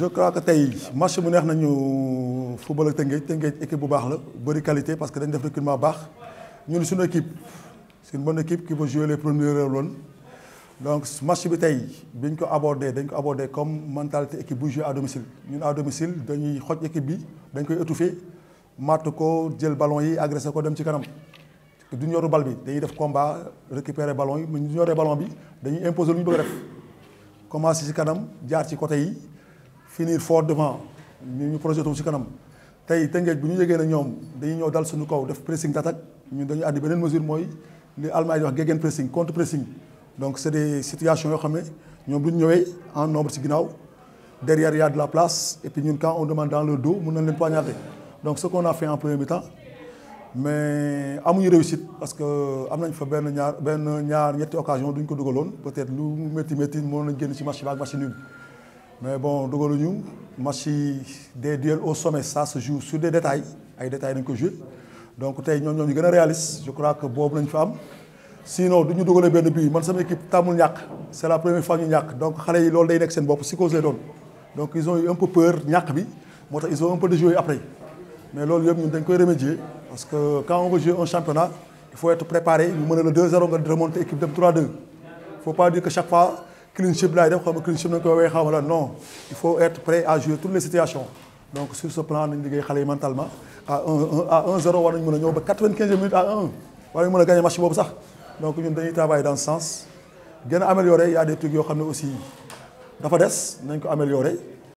je crois que tey match bu neex nañu football ak Tëngéej Tëngéej équipe bu baax la qualité parce que dañ def recrutement baax ñun une équipe c'est une bonne équipe qui va jouer les premiers rounds. donc match bi tey bi ko abordé dañ ko abordé comme mentalité équipe bu jouer à domicile ñun à domicile dañuy xoj équipe bi dañ koy étouffer matt ko jël ballon yi agressé ko dem ci kanam du ñoru bal bi dañuy def combat récupérer ballon yi du ñoree ballon bi dañuy imposer lu ñu bëgg a def commencé ci kanam jaar ci côté yi finir fort devant ñu ñu projeté wu si kanam tey Tëngéej bu ñu yëgee ne ñoom dañuy ñëw dal suñu kaw def pressing d'attaque ñun dañu àndi beneen mesure mooy li Allemagne di wax gegen pressing contre pressing donc c'est des situations yoo xam ne ñoom bu ñu ñëwee en nombre si ginnaaw derrière il y a de la place et puis ñun quand on demande dans le dos mun nañ leen poignarder donc ce qu'on a fait en premier mi-temps mais amuñu réussite parce que am nañ fa benn ñaar benn ñaar ñetti occasion duñ ko dugaloon peut-être lu métti métti mënoon nañ génn ci match bi ak match mais bon dugaluñu match machine des duels au sommet ça se joue sur des détails ay détails dañ ko joue. donc nous avons ñoom ñu réaliste je crois que boobu lañ fa am sinon du ñu dugalee benn c'est man sama équipe la première fois que nous donc xale yi day donc ils ont eu un peu peur ñàkk bi moo ils ont un peu de jouer après mais loolu yëpp un peu koy remédier parce que quand on veut jouer un championnat il faut être préparé Nous avons le le 2-0 de remonter l'équipe de 3-2 il ne faut pas dire que chaque fois. Il faut être prêt à jouer toutes les situations. Donc sur ce plan, nous devons aller mentalement. À 1-0, on va nous 95 minutes à 1. On va gagner le match. Donc nous devons travailler dans ce sens. faut améliorer, il y a des trucs qui sont aussi. Il faut améliorer.